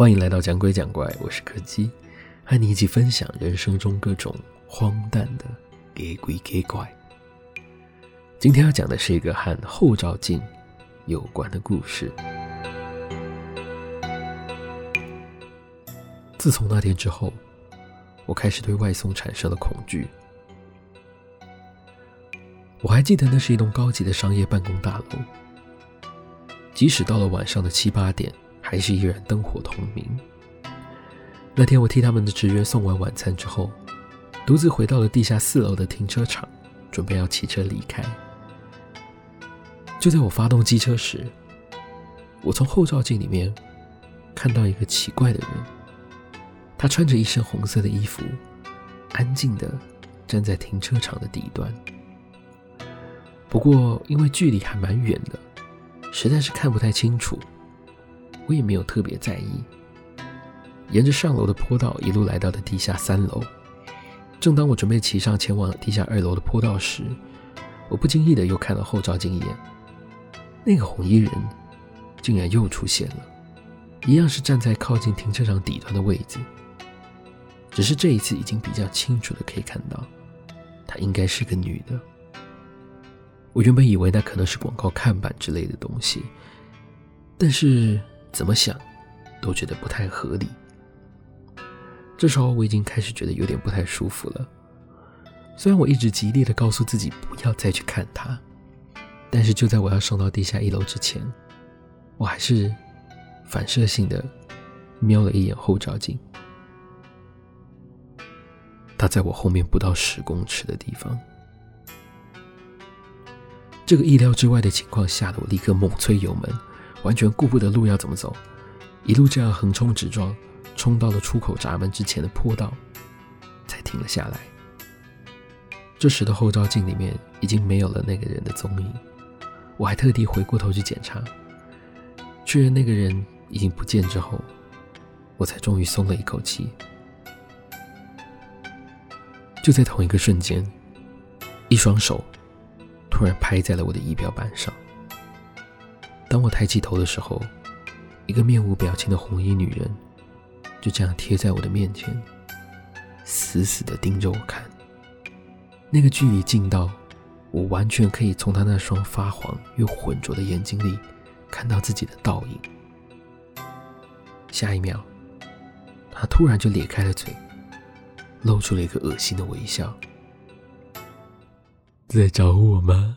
歡迎來到講鬼講怪，我是柯基，和你一起分享人生中各種荒誕的假鬼假怪。今天要講的是一個和後照鏡有關的故事。自從那天之後，我開始對外送產生了恐懼。我還記得那是一棟高級的商業辦公大樓，即使到了晚上的七八點。還是依然燈火通明。那天我替他們的職員送完晚餐之後，獨自回到了地下四樓的停車場，準備要騎車離開。就在我發動機車時，我從後照鏡裡面看到一個奇怪的人，他穿着一身紅色的衣服，安靜的站在停車場的底端。不過因為距離還蠻遠的，實在是看不太清楚。我也沒有特別在意，沿着上樓的坡道一路來到了地下三樓，正當我準備騎上前往地下二樓的坡道時，我不經意的又看了後照鏡一眼，那個紅衣人竟然又出現了，一樣是站在靠近停車場底端的位置，只是這一次已經比較清楚的可以看到，她應該是個女的。我原本以為那可能是廣告看板之類的東西，但是。怎麼想，都覺得不太合理。這時候我已經開始覺得有點不太舒服了。雖然我一直極力的告訴自己不要再去看他，但是就在我要上到地下一樓之前，我還是反射性的瞄了一眼後照鏡。他在我後面不到十公尺的地方。這個意料之外的情況嚇得我立刻猛催油門。完全顧不得路要怎麼走，一路這樣橫衝直撞，衝到了出口閘門之前的坡道，才停了下來。這時的後照鏡裡面已經沒有了那個人的蹤影，我還特地回過頭去檢查，確認那個人已經不見之後，我才終於鬆了一口氣。就在同一個瞬間，一雙手突然拍在了我的儀表板上。當我抬起頭的時候，一個面無表情的紅衣女人就這樣貼在我的面前，死死的盯着我看。那個距離近到我完全可以從她那雙發黃又渾濁的眼睛裡看到自己的倒影。下一秒，她突然就咧開了嘴，露出了一個惡心的微笑。在找我嗎？